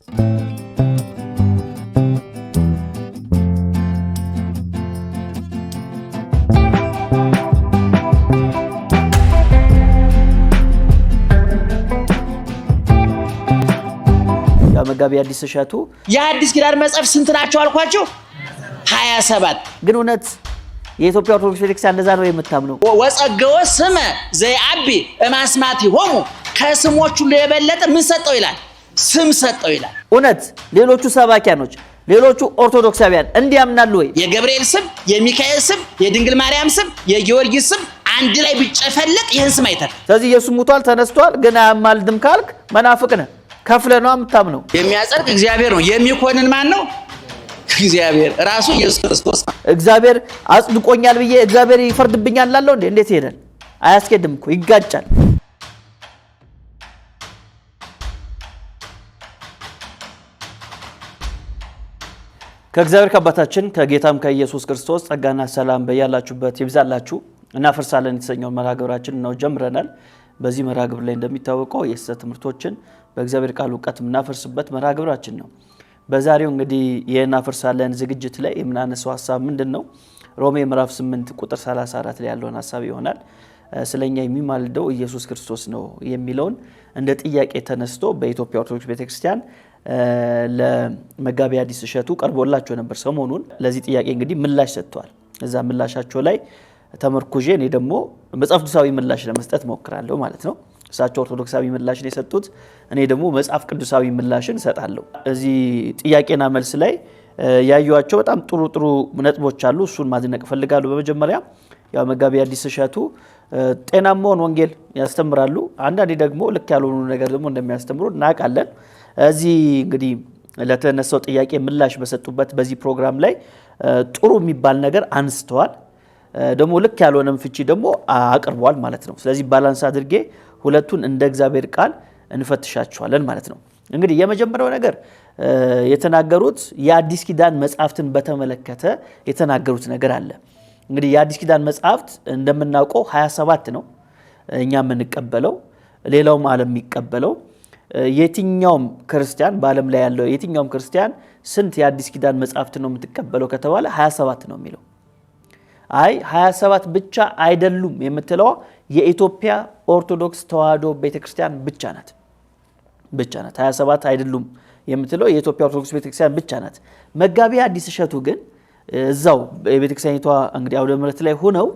መጋቢ አዲስ እሸቱ የአዲስ ኪዳን መጽሐፍ ስንት ናቸው አልኳቸው? ሀያ ሰባት ግን እውነት የኢትዮጵያ ኦርቶዶክስ ቤተክርስቲያን እንደዛ ነው የምታምነው? ወጸገወ ስመ አቢ እማስማት ሆሙ ከስሞች ሁሉ የበለጠ ምን ሰጠው ይላል ስም ሰጠው ይላል። እውነት ሌሎቹ ሰባኪያኖች ሌሎቹ ኦርቶዶክሳውያን እንዲያምናሉ ወይ? የገብርኤል ስም፣ የሚካኤል ስም፣ የድንግል ማርያም ስም፣ የጊዮርጊስ ስም አንድ ላይ ብጨፈለቅ ይህን ስም አይተር። ስለዚህ ኢየሱስ ሙቷል ተነስቷል፣ ግን አያማልድም ካልክ መናፍቅ ነህ። ከፍለ ነው የምታምነው። የሚያጸድቅ እግዚአብሔር ነው። የሚኮንን ማን ነው? እግዚአብሔር ራሱ ኢየሱስ ክርስቶስ። እግዚአብሔር አጽድቆኛል ብዬ እግዚአብሔር ይፈርድብኛል ላለው እንዴ? እንዴት ይሄዳል? አያስኬድም እኮ ይጋጫል። ከእግዚአብሔር ከአባታችን ከጌታም ከኢየሱስ ክርስቶስ ጸጋና ሰላም በያላችሁበት ይብዛላችሁ። እናፈርሳለን የተሰኘውን መርሃ ግብራችን ነው ጀምረናል። በዚህ መርሃ ግብር ላይ እንደሚታወቀው የሐሰት ትምህርቶችን በእግዚአብሔር ቃል እውቀት የምናፈርስበት መርሃ ግብራችን ነው። በዛሬው እንግዲህ የእናፈርሳለን ዝግጅት ላይ የምናነሰው ሀሳብ ምንድን ነው? ሮሜ ምዕራፍ 8 ቁጥር 34 ላይ ያለውን ሀሳብ ይሆናል። ስለኛ የሚማልደው ኢየሱስ ክርስቶስ ነው የሚለውን እንደ ጥያቄ ተነስቶ በኢትዮጵያ ኦርቶዶክስ ቤተክርስቲያን ለመጋቢ ሐዲስ እሸቱ ቀርቦላቸው ነበር ሰሞኑን። ለዚህ ጥያቄ እንግዲህ ምላሽ ሰጥተዋል። እዛ ምላሻቸው ላይ ተመርኩዤ እኔ ደግሞ መጽሐፍ ቅዱሳዊ ምላሽ ለመስጠት ሞክራለሁ ማለት ነው። እሳቸው ኦርቶዶክሳዊ ምላሽን የሰጡት፣ እኔ ደግሞ መጽሐፍ ቅዱሳዊ ምላሽን እሰጣለሁ። እዚህ ጥያቄና መልስ ላይ ያዩዋቸው በጣም ጥሩ ጥሩ ነጥቦች አሉ። እሱን ማድነቅ እፈልጋለሁ። በመጀመሪያ ያው መጋቢ ሐዲስ እሸቱ ጤናማውን ወንጌል ያስተምራሉ። አንዳንዴ ደግሞ ልክ ያልሆኑ ነገር ደግሞ እንደሚያስተምሩ እናውቃለን። እዚህ እንግዲህ ለተነሳው ጥያቄ ምላሽ በሰጡበት በዚህ ፕሮግራም ላይ ጥሩ የሚባል ነገር አንስተዋል። ደግሞ ልክ ያልሆነም ፍቺ ደግሞ አቅርቧል ማለት ነው። ስለዚህ ባላንስ አድርጌ ሁለቱን እንደ እግዚአብሔር ቃል እንፈትሻቸዋለን ማለት ነው። እንግዲህ የመጀመሪያው ነገር የተናገሩት የአዲስ ኪዳን መጽሐፍትን በተመለከተ የተናገሩት ነገር አለ። እንግዲህ የአዲስ ኪዳን መጽሐፍት እንደምናውቀው 27 ነው እኛ የምንቀበለው ሌላውም ዓለም የሚቀበለው የትኛውም ክርስቲያን በዓለም ላይ ያለው የትኛውም ክርስቲያን ስንት የአዲስ ኪዳን መጽሐፍት ነው የምትቀበለው ከተባለ 27 ነው የሚለው። አይ 27 ብቻ አይደሉም የምትለዋ የኢትዮጵያ ኦርቶዶክስ ተዋህዶ ቤተክርስቲያን ብቻ ናት ብቻ ናት። 27 አይደሉም የምትለው የኢትዮጵያ ኦርቶዶክስ ቤተክርስቲያን ብቻ ናት። መጋቢ አዲስ እሸቱ ግን እዛው የቤተክርስቲያኒቷ እንግዲህ አውደ ምሕረት ላይ ሆነው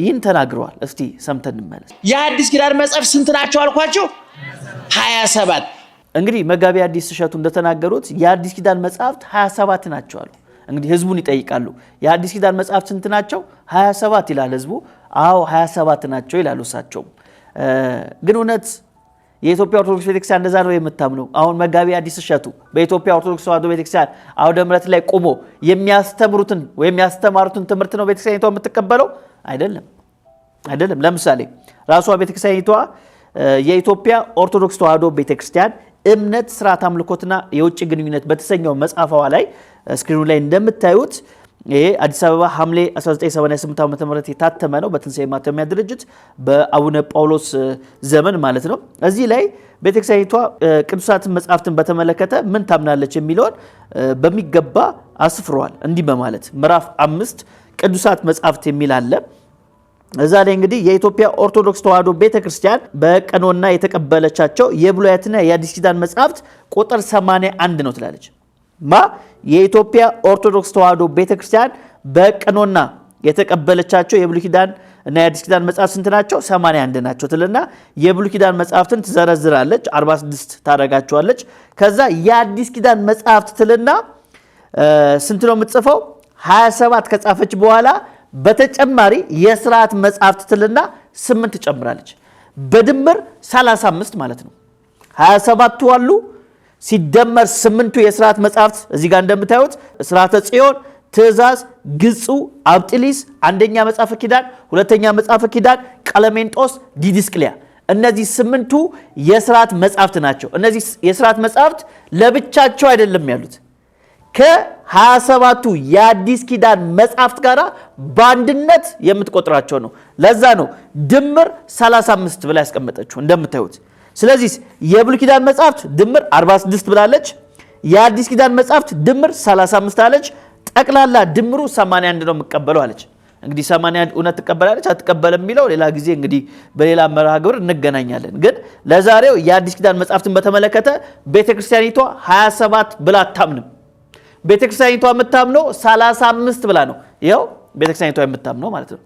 ይህን ተናግረዋል። እስቲ ሰምተን እንመለስ። የአዲስ ኪዳን መጽሐፍ ስንት ናቸው አልኳቸው? ሀያ ሰባት እንግዲህ መጋቢ አዲስ እሸቱ እንደተናገሩት የአዲስ ኪዳን መጽሐፍት ሀያ ሰባት ናቸው አሉ። እንግዲህ ህዝቡን ይጠይቃሉ። የአዲስ ኪዳን መጽሐፍት ስንት ናቸው? ሀያ ሰባት ይላል ህዝቡ። አዎ ሀያ ሰባት ናቸው ይላሉ እሳቸውም። ግን እውነት የኢትዮጵያ ኦርቶዶክስ ቤተክርስቲያን እንደዛ ነው የምታምነው። አሁን መጋቢ አዲስ እሸቱ በኢትዮጵያ ኦርቶዶክስ ተዋህዶ ቤተክርስቲያን አውደ ምረት ላይ ቆሞ የሚያስተምሩትን ወይም ያስተማሩትን ትምህርት ነው ቤተክርስቲያኒቷ የምትቀበለው? አይደለም፣ አይደለም። ለምሳሌ ራሷ ቤተክርስቲያኒቷ የኢትዮጵያ ኦርቶዶክስ ተዋህዶ ቤተክርስቲያን እምነት፣ ስርዓት፣ አምልኮትና የውጭ ግንኙነት በተሰኘው መጽሐፏ ላይ ስክሪኑ ላይ እንደምታዩት ይሄ አዲስ አበባ ሐምሌ 1988 ዓ ም የታተመ ነው በትንሣኤ ማተሚያ ድርጅት በአቡነ ጳውሎስ ዘመን ማለት ነው። እዚህ ላይ ቤተክርስቲያኒቷ ቅዱሳትን መጽሐፍትን በተመለከተ ምን ታምናለች የሚለውን በሚገባ አስፍረዋል። እንዲህ በማለት ምዕራፍ አምስት ቅዱሳት መጽሐፍት የሚል አለ። እዛ ላይ እንግዲህ የኢትዮጵያ ኦርቶዶክስ ተዋህዶ ቤተ ክርስቲያን በቀኖና የተቀበለቻቸው የብሉያትና የአዲስ ኪዳን መጽሐፍት ቁጥር 81 ነው ትላለች። ማ የኢትዮጵያ ኦርቶዶክስ ተዋህዶ ቤተ ክርስቲያን የተቀበለቻቸው የብሉይ ኪዳን እና የአዲስ ኪዳን መጽሐፍ ስንት ናቸው? 81 ናቸው ትልና የብሉይ ኪዳን መጽሐፍትን ትዘረዝራለች፣ 46 ታደርጋቸዋለች። ከዛ የአዲስ ኪዳን መጽሐፍት ትልና ስንት ነው የምትጽፈው? 27 ከጻፈች በኋላ በተጨማሪ የስርዓት መጽሐፍት ትልና 8 ትጨምራለች። በድምር 35 ማለት ነው። 27ቱ አሉ ሲደመር ስምንቱ የስርዓት መጽሐፍት እዚህ ጋር እንደምታዩት ስርዓተ ጽዮን፣ ትእዛዝ፣ ግጹ፣ አብጥሊስ፣ አንደኛ መጽሐፈ ኪዳን፣ ሁለተኛ መጽሐፈ ኪዳን፣ ቀለሜንጦስ፣ ዲዲስቅልያ እነዚህ ስምንቱ የስርዓት መጽሐፍት ናቸው። እነዚህ የስርዓት መጽሐፍት ለብቻቸው አይደለም ያሉት ከሀያ ሰባቱ የአዲስ ኪዳን መጽሐፍት ጋር በአንድነት የምትቆጥራቸው ነው። ለዛ ነው ድምር 35 ብላ ያስቀመጠችው እንደምታዩት ስለዚህ የብሉይ ኪዳን መጽሐፍት ድምር 46 ብላለች። የአዲስ ኪዳን መጽሐፍት ድምር 35 አለች። ጠቅላላ ድምሩ 81 ነው የምቀበለው አለች። እንግዲህ 81 እውነት ትቀበላለች አትቀበለም የሚለው ሌላ ጊዜ እንግዲህ በሌላ መርሃ ግብር እንገናኛለን። ግን ለዛሬው የአዲስ ኪዳን መጽሐፍትን በተመለከተ ቤተክርስቲያኒቷ 27 ብላ አታምንም። ቤተክርስቲያኒቷ የምታምነው 35 ብላ ነው። ይኸው ቤተክርስቲያኒቷ የምታምነው ማለት ነው።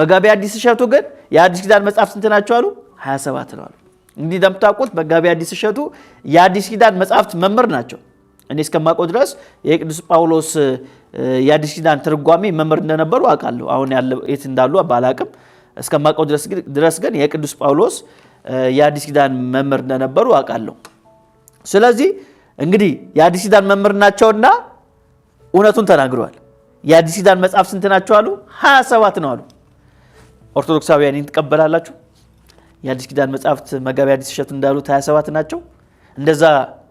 መጋቢ አዲስ እሸቱ ግን የአዲስ ኪዳን መጽሐፍ ስንት ናቸው አሉ? 27 ነው አሉ። እንግዲህ እንደምታውቁት መጋቢ ሸቱ እሸቱ የአዲስ ኪዳን መጽሐፍት መምህር ናቸው። እኔ እስከማውቀው ድረስ የቅዱስ ጳውሎስ የአዲስ ኪዳን ትርጓሜ መምህር እንደነበሩ አውቃለሁ። አሁን የት እንዳሉ ባላቅም እስከማውቀው ድረስ ግን የቅዱስ ጳውሎስ የአዲስ ኪዳን መምህር እንደነበሩ አውቃለሁ። ስለዚህ እንግዲህ የአዲስ ኪዳን መምህር ናቸውና እውነቱን ተናግረዋል። የአዲስ ኪዳን መጽሐፍ ስንት ናቸው አሉ? ሀያ ሰባት ነው አሉ። ኦርቶዶክሳውያን ይህን ትቀበላላችሁ? የአዲስ ኪዳን መጽሐፍት መጋቢ አዲስ እሸቱ እንዳሉት 27 ናቸው። እንደዛ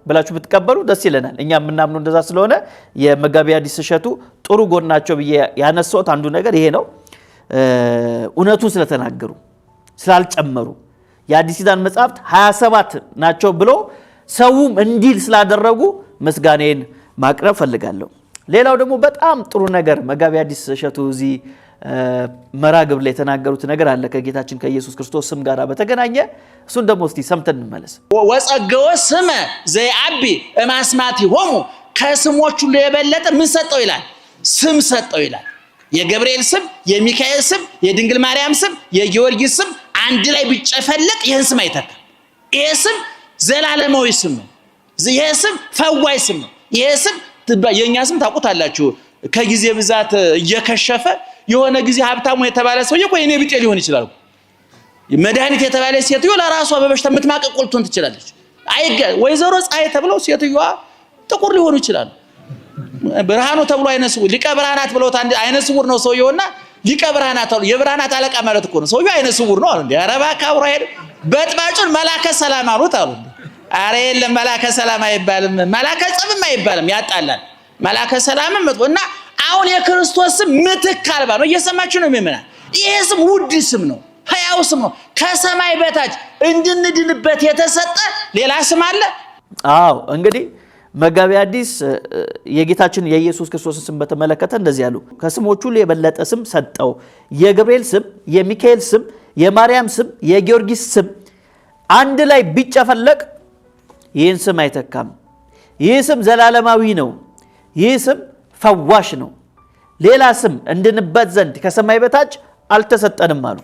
ብላችሁ ብትቀበሉ ደስ ይለናል። እኛ የምናምኑ እንደዛ ስለሆነ የመጋቢ አዲስ እሸቱ ጥሩ ናቸው ብዬ ያነሳሁት አንዱ ነገር ይሄ ነው። እውነቱን ስለተናገሩ ስላልጨመሩ የአዲስ ኪዳን መጽሐፍት 27 ናቸው ብሎ ሰውም እንዲል ስላደረጉ ምስጋኔን ማቅረብ ፈልጋለሁ። ሌላው ደግሞ በጣም ጥሩ ነገር መጋቢ አዲስ እሸቱ እዚህ መራግብ ላይ የተናገሩት ነገር አለ ከጌታችን ከኢየሱስ ክርስቶስ ስም ጋር በተገናኘ እሱን ደግሞ እስቲ ሰምተን እንመለስ። ወጸገወ ስመ ዘይአቢ እማስማቲሆሙ ከስሞች ሁሉ የበለጠ ምን ሰጠው ይላል? ስም ሰጠው ይላል። የገብርኤል ስም፣ የሚካኤል ስም፣ የድንግል ማርያም ስም፣ የጊዮርጊስ ስም አንድ ላይ ቢጨፈለቅ ይህን ስም አይተካም። ይሄ ስም ዘላለማዊ ስም ነው። ይህ ስም ፈዋይ ስም ነው። ይሄ ስም የእኛ ስም ታውቁታላችሁ ከጊዜ ብዛት እየከሸፈ የሆነ ጊዜ ሀብታሙ የተባለ ሰውዬ እኮ የኔ ብጤ ሊሆን ይችላል። መድኃኒት የተባለ ሴትዮ ለራሷ በበሽታ የምትማቀቅ ልትሆን ትችላለች። አይገ ወይዘሮ ፀሐይ ተብለው ሴትዮዋ ጥቁር ሊሆኑ ይችላሉ። ብርሃኑ ተብሎ አይነ ስውር ሊቀ ብርሃናት ብለው አይነ ስውር ነው ሰውየውና ሊቀ ብርሃናት አሉ። የብርሃናት አለቃ ማለት እኮ ነው ሰውየው አይነ ስውር ነው አሉ። ኧረ እባክህ አብሮ አይሄድ በጥባጩን መላከ ሰላም አሉት አሉ። አረ የለም መላከ ሰላም አይባልም፣ መላከ ጸብም አይባልም፣ ያጣላል። መላከ ሰላምም እና አሁን የክርስቶስ ስም ምትክ አልባ ነው። እየሰማችሁ ነው የሚመናል። ይሄ ስም ውድ ስም ነው፣ ሕያው ስም ነው። ከሰማይ በታች እንድንድንበት የተሰጠ ሌላ ስም አለ? አዎ። እንግዲህ መጋቢ አዲስ የጌታችን የኢየሱስ ክርስቶስን ስም በተመለከተ እንደዚህ ያሉ ከስሞች ሁሉ የበለጠ ስም ሰጠው። የገብርኤል ስም፣ የሚካኤል ስም፣ የማርያም ስም፣ የጊዮርጊስ ስም አንድ ላይ ቢጨፈለቅ ይህን ስም አይተካም። ይህ ስም ዘላለማዊ ነው። ይህ ስም ፈዋሽ ነው፣ ሌላ ስም እንድንበት ዘንድ ከሰማይ በታች አልተሰጠንም አሉ።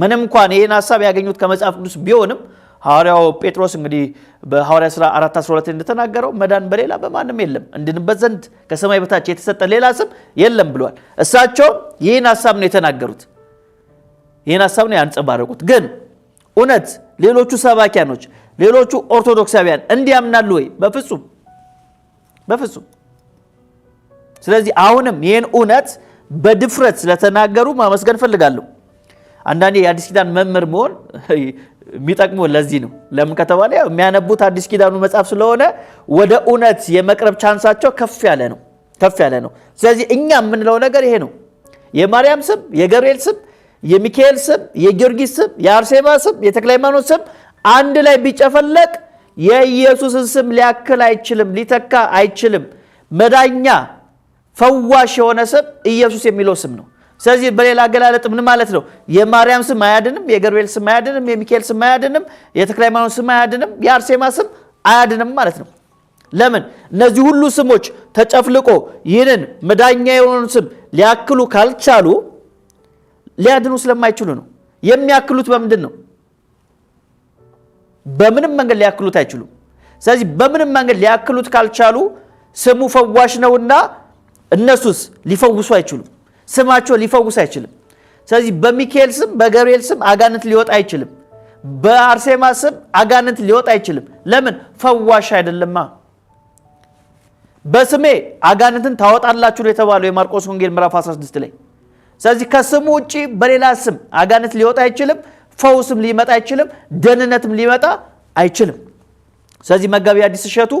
ምንም እንኳን ይህን ሀሳብ ያገኙት ከመጽሐፍ ቅዱስ ቢሆንም ሐዋርያው ጴጥሮስ እንግዲህ በሐዋርያ ሥራ 4፥12 እንደተናገረው መዳን በሌላ በማንም የለም እንድንበት ዘንድ ከሰማይ በታች የተሰጠ ሌላ ስም የለም ብሏል። እሳቸውም ይህን ሀሳብ ነው የተናገሩት፣ ይህን ሀሳብ ነው ያንጸባረቁት። ግን እውነት ሌሎቹ ሰባኪያኖች፣ ሌሎቹ ኦርቶዶክሳውያን እንዲያምናሉ ወይ? በፍጹም በፍጹም። ስለዚህ አሁንም ይህን እውነት በድፍረት ስለተናገሩ ማመስገን እፈልጋለሁ። አንዳንዴ የአዲስ ኪዳን መምህር መሆን የሚጠቅሙ ለዚህ ነው። ለምን ከተባለ የሚያነቡት አዲስ ኪዳኑ መጽሐፍ ስለሆነ ወደ እውነት የመቅረብ ቻንሳቸው ከፍ ያለ ነው ከፍ ያለ ነው። ስለዚህ እኛ የምንለው ነገር ይሄ ነው። የማርያም ስም፣ የገብርኤል ስም፣ የሚካኤል ስም፣ የጊዮርጊስ ስም፣ የአርሴማ ስም፣ የተክለ ሃይማኖት ስም አንድ ላይ ቢጨፈለቅ የኢየሱስን ስም ሊያክል አይችልም፣ ሊተካ አይችልም። መዳኛ ፈዋሽ የሆነ ስም ኢየሱስ የሚለው ስም ነው። ስለዚህ በሌላ አገላለጥ ምን ማለት ነው? የማርያም ስም አያድንም፣ የገብርኤል ስም አያድንም፣ የሚካኤል ስም አያድንም፣ የተክለ ሃይማኖት ስም አያድንም፣ የአርሴማ ስም አያድንም ማለት ነው። ለምን? እነዚህ ሁሉ ስሞች ተጨፍልቆ ይህንን መዳኛ የሆነውን ስም ሊያክሉ ካልቻሉ ሊያድኑ ስለማይችሉ ነው። የሚያክሉት በምንድን ነው? በምንም መንገድ ሊያክሉት አይችሉም። ስለዚህ በምንም መንገድ ሊያክሉት ካልቻሉ ስሙ ፈዋሽ ነውና እነሱስ ሊፈውሱ አይችሉም። ስማቸው ሊፈውስ አይችልም። ስለዚህ በሚካኤል ስም በገብርኤል ስም አጋንንት ሊወጣ አይችልም። በአርሴማ ስም አጋንንት ሊወጣ አይችልም። ለምን? ፈዋሽ አይደለማ። በስሜ አጋንንትን ታወጣላችሁ የተባለው የማርቆስ ወንጌል ምዕራፍ 16 ላይ። ስለዚህ ከስሙ ውጭ በሌላ ስም አጋንንት ሊወጣ አይችልም። ፈውስም ሊመጣ አይችልም። ደህንነትም ሊመጣ አይችልም። ስለዚህ መጋቢ አዲስ እሸቱ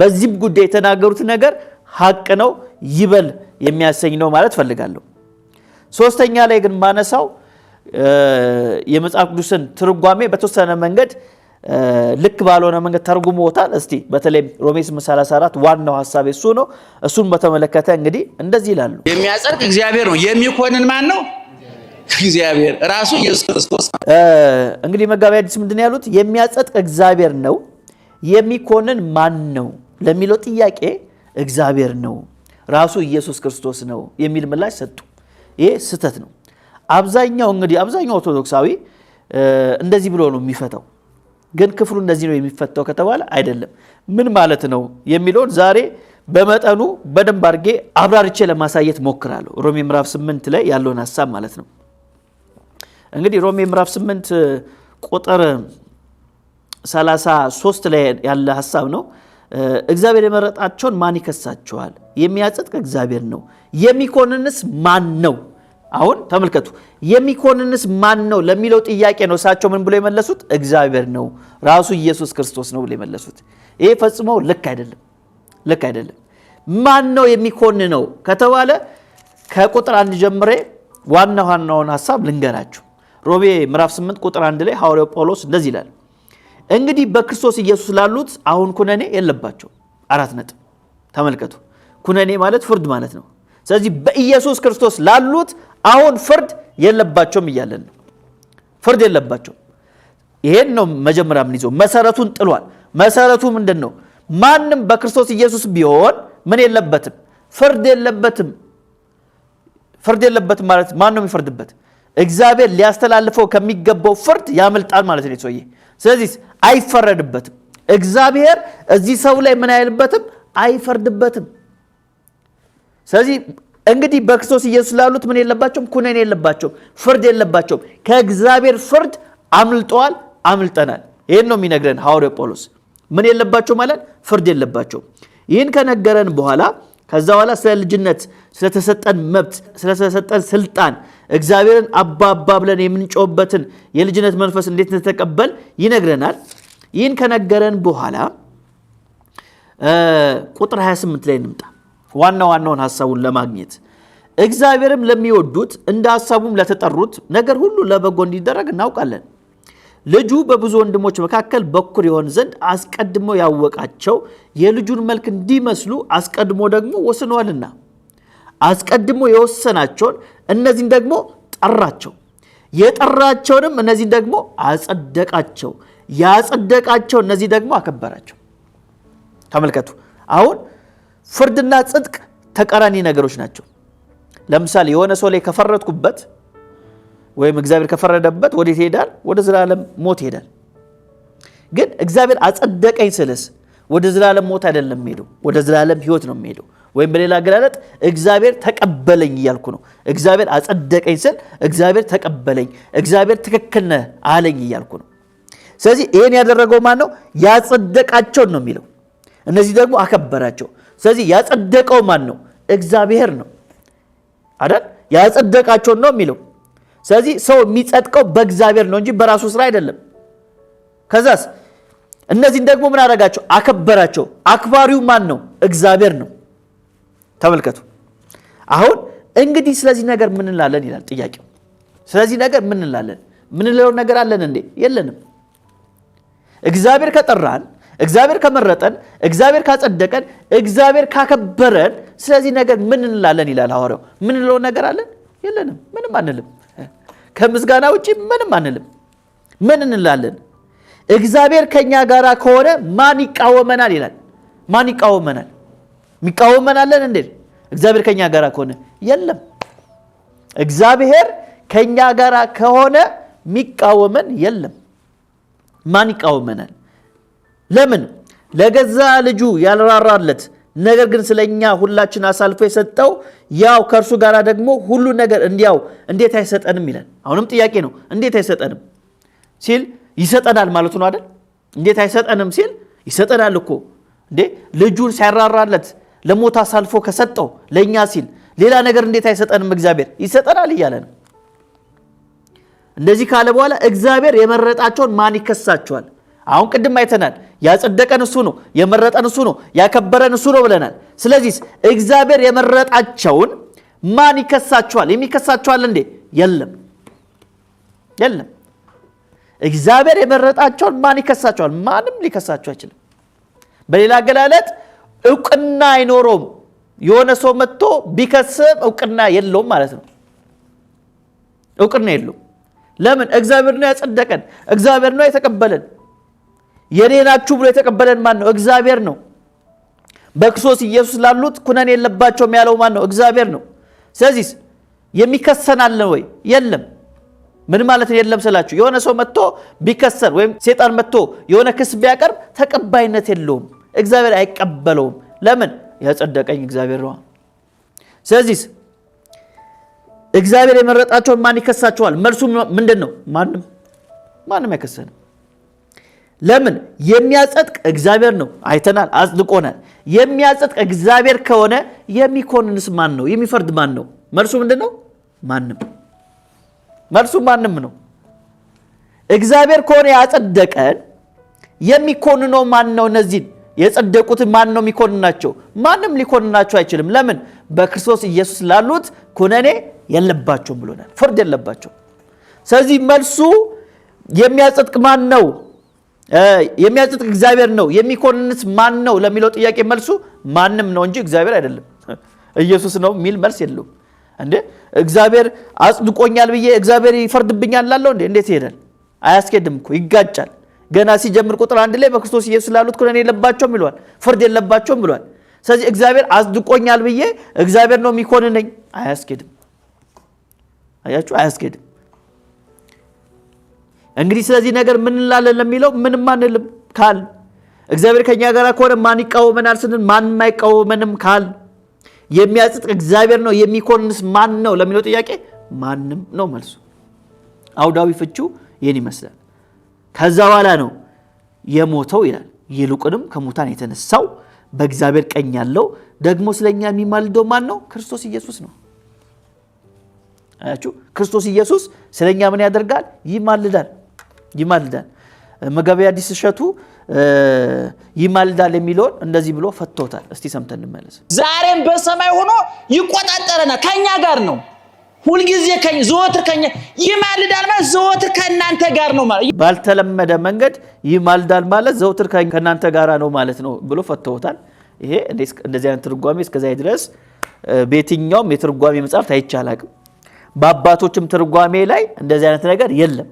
በዚህም ጉዳይ የተናገሩት ነገር ሀቅ ነው፣ ይበል የሚያሰኝ ነው ማለት ፈልጋለሁ። ሶስተኛ ላይ ግን ማነሳው የመጽሐፍ ቅዱስን ትርጓሜ በተወሰነ መንገድ ልክ ባልሆነ መንገድ ተርጉሞታል። እስቲ በተለይ ሮሜ 34 ዋናው ሀሳብ እሱ ነው። እሱን በተመለከተ እንግዲህ እንደዚህ ይላሉ፣ የሚያጸድቅ እግዚአብሔር ነው። የሚኮንን ማን ነው? እግዚአብሔር ራሱ ኢየሱስ ክርስቶስ። እንግዲህ መጋቢ አዲስ ምንድን ያሉት የሚያጸድቅ እግዚአብሔር ነው፣ የሚኮንን ማን ነው ለሚለው ጥያቄ እግዚአብሔር ነው፣ ራሱ ኢየሱስ ክርስቶስ ነው የሚል ምላሽ ሰጡ። ይሄ ስህተት ነው። አብዛኛው እንግዲህ አብዛኛው ኦርቶዶክሳዊ እንደዚህ ብሎ ነው የሚፈታው። ግን ክፍሉ እንደዚህ ነው የሚፈታው ከተባለ አይደለም። ምን ማለት ነው የሚለውን ዛሬ በመጠኑ በደንብ አድርጌ አብራርቼ ለማሳየት ሞክራለሁ። ሮሜ ምዕራፍ 8 ላይ ያለውን ሀሳብ ማለት ነው። እንግዲህ ሮሜ ምዕራፍ 8 ቁጥር 33 ላይ ያለ ሀሳብ ነው። እግዚአብሔር የመረጣቸውን ማን ይከሳቸዋል? የሚያጸድቅ እግዚአብሔር ነው። የሚኮንንስ ማን ነው? አሁን ተመልከቱ። የሚኮንንስ ማን ነው ለሚለው ጥያቄ ነው እሳቸው ምን ብሎ የመለሱት? እግዚአብሔር ነው፣ ራሱ ኢየሱስ ክርስቶስ ነው ብሎ የመለሱት። ይሄ ፈጽሞ ልክ አይደለም፣ ልክ አይደለም። ማን ነው የሚኮን ነው ከተባለ ከቁጥር አንድ ጀምሬ ዋና ዋናውን ሀሳብ ልንገራችሁ። ሮሜ ምዕራፍ 8 ቁጥር አንድ ላይ ሐዋርያው ጳውሎስ እንደዚህ ይላል እንግዲህ በክርስቶስ ኢየሱስ ላሉት አሁን ኩነኔ የለባቸው። አራት ነጥብ ተመልከቱ። ኩነኔ ማለት ፍርድ ማለት ነው። ስለዚህ በኢየሱስ ክርስቶስ ላሉት አሁን ፍርድ የለባቸውም እያለን ነው። ፍርድ የለባቸው። ይሄን ነው መጀመሪያ ምን ይዞ መሰረቱን ጥሏል። መሰረቱ ምንድን ነው? ማንም በክርስቶስ ኢየሱስ ቢሆን ምን የለበትም? ፍርድ የለበትም። ፍርድ የለበትም ማለት ማን ነው የሚፈርድበት? እግዚአብሔር ሊያስተላልፈው ከሚገባው ፍርድ ያመልጣል ማለት ነው ሰውዬ። ስለዚህ አይፈረድበትም። እግዚአብሔር እዚህ ሰው ላይ ምን አይልበትም፣ አይፈርድበትም። ስለዚህ እንግዲህ በክርስቶስ ኢየሱስ ላሉት ምን የለባቸውም፣ ኩነኔ የለባቸውም፣ ፍርድ የለባቸውም። ከእግዚአብሔር ፍርድ አምልጠዋል፣ አምልጠናል። ይህን ነው የሚነግረን ሐዋርያው ጳውሎስ። ምን የለባቸው ማለት ፍርድ የለባቸው። ይህን ከነገረን በኋላ ከዛ በኋላ ስለ ልጅነት ስለተሰጠን መብት ስለተሰጠን ስልጣን እግዚአብሔርን አባ አባ ብለን የምንጮበትን የልጅነት መንፈስ እንዴት እንደተቀበል ይነግረናል። ይህን ከነገረን በኋላ ቁጥር 28 ላይ እንምጣ። ዋና ዋናውን ሀሳቡን ለማግኘት እግዚአብሔርም ለሚወዱት እንደ ሀሳቡም ለተጠሩት ነገር ሁሉ ለበጎ እንዲደረግ እናውቃለን። ልጁ በብዙ ወንድሞች መካከል በኩር የሆን ዘንድ አስቀድሞ ያወቃቸው የልጁን መልክ እንዲመስሉ አስቀድሞ ደግሞ ወስኗልና አስቀድሞ የወሰናቸውን እነዚህን ደግሞ ጠራቸው፣ የጠራቸውንም እነዚህን ደግሞ አጸደቃቸው፣ ያጸደቃቸው እነዚህ ደግሞ አከበራቸው። ተመልከቱ። አሁን ፍርድና ጽድቅ ተቃራኒ ነገሮች ናቸው። ለምሳሌ የሆነ ሰው ላይ ከፈረድኩበት ወይም እግዚአብሔር ከፈረደበት ወዴት ይሄዳል? ወደ ዘላለም ሞት ይሄዳል። ግን እግዚአብሔር አጸደቀኝ ስልስ ወደ ዘላለም ሞት አይደለም የሚሄደው፣ ወደ ዘላለም ህይወት ነው የሚሄደው። ወይም በሌላ አገላለጥ እግዚአብሔር ተቀበለኝ እያልኩ ነው። እግዚአብሔር አጸደቀኝ ስል እግዚአብሔር ተቀበለኝ፣ እግዚአብሔር ትክክል ነህ አለኝ እያልኩ ነው። ስለዚህ ይህን ያደረገው ማን ነው? ያጸደቃቸውን ነው የሚለው። እነዚህ ደግሞ አከበራቸው። ስለዚህ ያጸደቀው ማን ነው? እግዚአብሔር ነው አይደል? ያጸደቃቸውን ነው የሚለው። ስለዚህ ሰው የሚጸድቀው በእግዚአብሔር ነው እንጂ በራሱ ስራ አይደለም። ከዛስ እነዚህን ደግሞ ምን አደረጋቸው? አከበራቸው። አክባሪው ማን ነው? እግዚአብሔር ነው። ተመልከቱ። አሁን እንግዲህ ስለዚህ ነገር ምን እንላለን ይላል ጥያቄው። ስለዚህ ነገር ምን እንላለን? ምንለው ነገር አለን እንዴ? የለንም። እግዚአብሔር ከጠራን፣ እግዚአብሔር ከመረጠን፣ እግዚአብሔር ካጸደቀን፣ እግዚአብሔር ካከበረን ስለዚህ ነገር ምን እንላለን ይላል ሐዋርያው። ምንለው ነገር አለን? የለንም። ምንም አንልም። ከምስጋና ውጭ ምንም አንልም። ምን እንላለን? እግዚአብሔር ከእኛ ጋር ከሆነ ማን ይቃወመናል ይላል። ማን ይቃወመናል? የሚቃወመን እንዴ? እግዚአብሔር ከኛ ጋር ከሆነ የለም። እግዚአብሔር ከኛ ጋር ከሆነ የሚቃወመን የለም። ማን ይቃወመናል? ለምን? ለገዛ ልጁ ያልራራለት ነገር ግን ስለኛ ሁላችን አሳልፎ የሰጠው ያው ከእርሱ ጋር ደግሞ ሁሉ ነገር እንዲያው እንዴት አይሰጠንም ይላል። አሁንም ጥያቄ ነው። እንዴት አይሰጠንም ሲል ይሰጠናል ማለቱ ነው አይደል? እንዴት አይሰጠንም ሲል ይሰጠናል እኮ እንዴ ልጁን ሲያራራለት ለሞት አሳልፎ ከሰጠው ለእኛ ሲል ሌላ ነገር እንዴት አይሰጠንም? እግዚአብሔር ይሰጠናል እያለ ነው። እንደዚህ ካለ በኋላ እግዚአብሔር የመረጣቸውን ማን ይከሳቸዋል? አሁን ቅድም አይተናል። ያጸደቀን እሱ ነው፣ የመረጠን እሱ ነው፣ ያከበረን እሱ ነው ብለናል። ስለዚህ እግዚአብሔር የመረጣቸውን ማን ይከሳቸዋል? የሚከሳቸዋል እንዴ? የለም፣ የለም። እግዚአብሔር የመረጣቸውን ማን ይከሳቸዋል? ማንም ሊከሳቸው አይችልም። በሌላ አገላለጥ እውቅና አይኖረውም። የሆነ ሰው መጥቶ ቢከስም እውቅና የለውም ማለት ነው። እውቅና የለውም። ለምን? እግዚአብሔር ነው ያጸደቀን፣ እግዚአብሔር ነው የተቀበለን። የኔ ናችሁ ብሎ የተቀበለን ማን ነው? እግዚአብሔር ነው። በክርስቶስ ኢየሱስ ላሉት ኩነን የለባቸውም ያለው ማን ነው? እግዚአብሔር ነው። ስለዚህ የሚከሰናለን ወይ? የለም። ምን ማለት ነው? የለም ስላችሁ የሆነ ሰው መጥቶ ቢከሰን ወይም ሴጣን መጥቶ የሆነ ክስ ቢያቀርብ ተቀባይነት የለውም። እግዚአብሔር አይቀበለውም። ለምን? ያጸደቀኝ እግዚአብሔር ነዋ። ስለዚህ እግዚአብሔር የመረጣቸውን ማን ይከሳቸዋል? መልሱ ምንድን ነው? ማንም ማንም አይከሰንም። ለምን? የሚያጸድቅ እግዚአብሔር ነው። አይተናል፣ አጽድቆናል። የሚያጸድቅ እግዚአብሔር ከሆነ የሚኮንንስ ማን ነው? የሚፈርድ ማን ነው? መልሱ ምንድን ነው? ማንም። መልሱ ማንም ነው። እግዚአብሔር ከሆነ ያጸደቀን የሚኮንነው ማን ነው? እነዚህን የጸደቁት ማን ነው የሚኮንናቸው? ማንም ሊኮንናቸው አይችልም። ለምን? በክርስቶስ ኢየሱስ ላሉት ኩነኔ የለባቸውም ብሎናል። ፍርድ የለባቸው። ስለዚህ መልሱ የሚያጸድቅ ማን ነው? የሚያጸድቅ እግዚአብሔር ነው። የሚኮንንስ ማን ነው ለሚለው ጥያቄ መልሱ ማንም ነው እንጂ እግዚአብሔር አይደለም። ኢየሱስ ነው የሚል መልስ የለውም። እንዴ እግዚአብሔር አጽድቆኛል ብዬ እግዚአብሔር ይፈርድብኛል ላለው እንዴት ይሄዳል? አያስኬድም እኮ ይጋጫል። ገና ሲጀምር ቁጥር አንድ ላይ በክርስቶስ ኢየሱስ ላሉት ኩነኔ የለባቸውም ይሏል፣ ፍርድ የለባቸውም ይሏል። ስለዚህ እግዚአብሔር አጽድቆኛል ብዬ እግዚአብሔር ነው የሚኮንነኝ አያስኬድም። አያችሁ፣ አያስኬድም። እንግዲህ ስለዚህ ነገር ምን እንላለን ለሚለው ምንም አንልም ካል እግዚአብሔር ከኛ ጋር ከሆነ ማን ይቃወመናል ስንል ማንም አይቃወመንም ካል የሚያጽድቅ እግዚአብሔር ነው የሚኮንንስ ማን ነው ለሚለው ጥያቄ ማንም ነው መልሱ። አውዳዊ ፍቹ ይህን ይመስላል። ከዛ በኋላ ነው የሞተው ይላል። ይልቁንም ከሙታን የተነሳው በእግዚአብሔር ቀኝ ያለው ደግሞ ስለኛ የሚማልደው ማን ነው? ክርስቶስ ኢየሱስ ነው። አያችሁ፣ ክርስቶስ ኢየሱስ ስለኛ ምን ያደርጋል? ይማልዳል፣ ይማልዳል። መጋቢ አዲስ እሸቱ ይማልዳል የሚለውን እንደዚህ ብሎ ፈቶታል። እስቲ ሰምተን እንመለስ። ዛሬም በሰማይ ሆኖ ይቆጣጠረናል፣ ከእኛ ጋር ነው። ሁልጊዜ ከኛ ዘወትር ከኛ ይማልዳል ማለት ዘወትር ከእናንተ ጋር ነው ማለት ባልተለመደ መንገድ ይማልዳል ማለት ዘወትር ከእናንተ ጋር ነው ማለት ነው ብሎ ፈተውታል። ይሄ እንደዚህ አይነት ትርጓሜ እስከዚያ ድረስ በየትኛውም የትርጓሜ መጽሐፍት አይቻላቅም። በአባቶችም ትርጓሜ ላይ እንደዚህ አይነት ነገር የለም።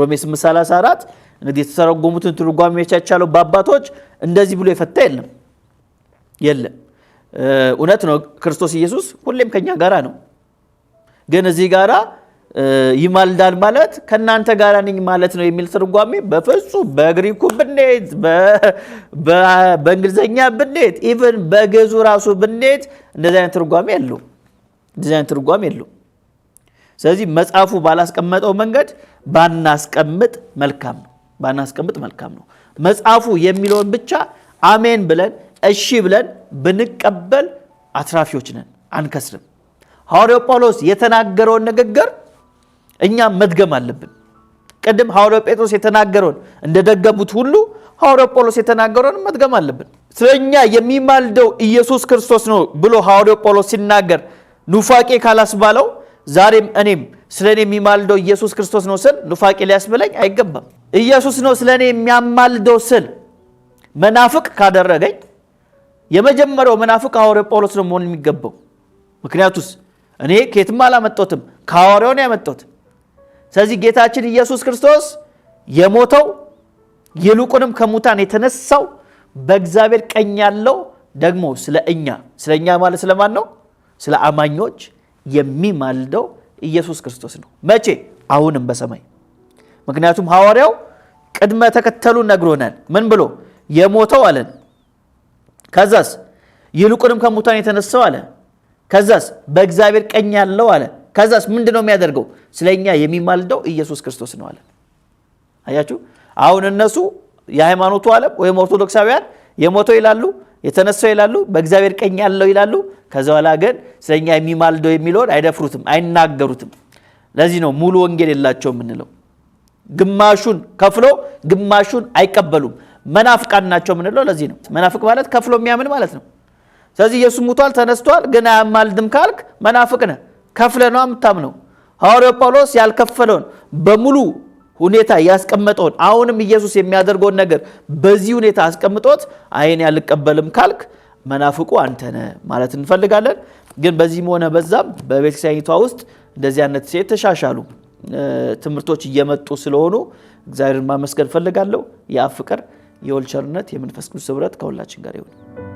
ሮሜ 8፥34 እንግዲህ የተተረጎሙትን ትርጓሜ ያቻለው በአባቶች እንደዚህ ብሎ የፈታ የለም የለም። እውነት ነው። ክርስቶስ ኢየሱስ ሁሌም ከኛ ጋራ ነው። ግን እዚህ ጋራ ይማልዳል ማለት ከእናንተ ጋር ነኝ ማለት ነው የሚል ትርጓሜ በፍጹም በግሪኩ ብኔት በእንግሊዝኛ ብኔት ኢቨን በገዙ ራሱ ብኔት እንደዚህ አይነት ትርጓሜ የለውም። እንደዚህ አይነት ትርጓሜ የለውም። ስለዚህ መጽሐፉ ባላስቀመጠው መንገድ ባናስቀምጥ መልካም ነው። ባናስቀምጥ መልካም ነው። መጽሐፉ የሚለውን ብቻ አሜን ብለን እሺ ብለን ብንቀበል አትራፊዎች ነን፣ አንከስርም። ሐዋርያው ጳውሎስ የተናገረውን ንግግር እኛም መድገም አለብን። ቅድም ሐዋርያው ጴጥሮስ የተናገረውን እንደደገሙት ሁሉ ሐዋርያው ጳውሎስ የተናገረውን መድገም አለብን። ስለ እኛ የሚማልደው ኢየሱስ ክርስቶስ ነው ብሎ ሐዋርያው ጳውሎስ ሲናገር ኑፋቄ ካላስባለው ዛሬም እኔም ስለ እኔ የሚማልደው ኢየሱስ ክርስቶስ ነው ስል ኑፋቄ ሊያስብለኝ አይገባም። ኢየሱስ ነው ስለ እኔ የሚያማልደው ስል መናፍቅ ካደረገኝ የመጀመሪያው መናፍቅ ሐዋርያው ጳውሎስ ነው መሆን የሚገባው። ምክንያቱስ እኔ ከየትም አላመጦትም ከሐዋርያውን ያመጦት። ስለዚህ ጌታችን ኢየሱስ ክርስቶስ የሞተው ይልቁንም ከሙታን የተነሳው በእግዚአብሔር ቀኝ ያለው ደግሞ ስለ እኛ ስለ እኛ ማለት ስለማን ነው? ስለ አማኞች የሚማልደው ኢየሱስ ክርስቶስ ነው። መቼ? አሁንም በሰማይ ምክንያቱም ሐዋርያው ቅድመ ተከተሉ ነግሮናል። ምን ብሎ የሞተው አለን። ከዛስ ይልቁንም ከሙታን የተነሳው አለ ከዛስ በእግዚአብሔር ቀኝ ያለው አለ። ከዛስ ምንድን ነው የሚያደርገው? ስለኛ የሚማልደው ኢየሱስ ክርስቶስ ነው አለ። አያችሁ፣ አሁን እነሱ የሃይማኖቱ ዓለም ወይም ኦርቶዶክሳውያን የሞተው ይላሉ፣ የተነሳው ይላሉ፣ በእግዚአብሔር ቀኝ ያለው ይላሉ። ከዚ በኋላ ግን ስለኛ የሚማልደው የሚለውን አይደፍሩትም፣ አይናገሩትም። ለዚህ ነው ሙሉ ወንጌል የላቸው የምንለው። ግማሹን ከፍሎ ግማሹን አይቀበሉም። መናፍቃን ናቸው የምንለው ለዚህ ነው። መናፍቅ ማለት ከፍሎ የሚያምን ማለት ነው። ስለዚህ ኢየሱስ ሙቷል፣ ተነስቷል፣ ግን አያማልድም ካልክ መናፍቅ ነ ከፍለ ነው የምታምነው። ሐዋርያው ጳውሎስ ያልከፈለውን በሙሉ ሁኔታ ያስቀመጠውን አሁንም ኢየሱስ የሚያደርገውን ነገር በዚህ ሁኔታ አስቀምጦት አይን ያልቀበልም ካልክ መናፍቁ አንተነ ማለት እንፈልጋለን። ግን በዚህም ሆነ በዛም በቤተክርስቲያኒቷ ውስጥ እንደዚህ አይነት ሴት ተሻሻሉ ትምህርቶች እየመጡ ስለሆኑ እግዚአብሔርን ማመስገን ፈልጋለሁ። የአፍቅር የወልቸርነት የመንፈስ ቅዱስ ህብረት ከሁላችን ጋር ይሁን።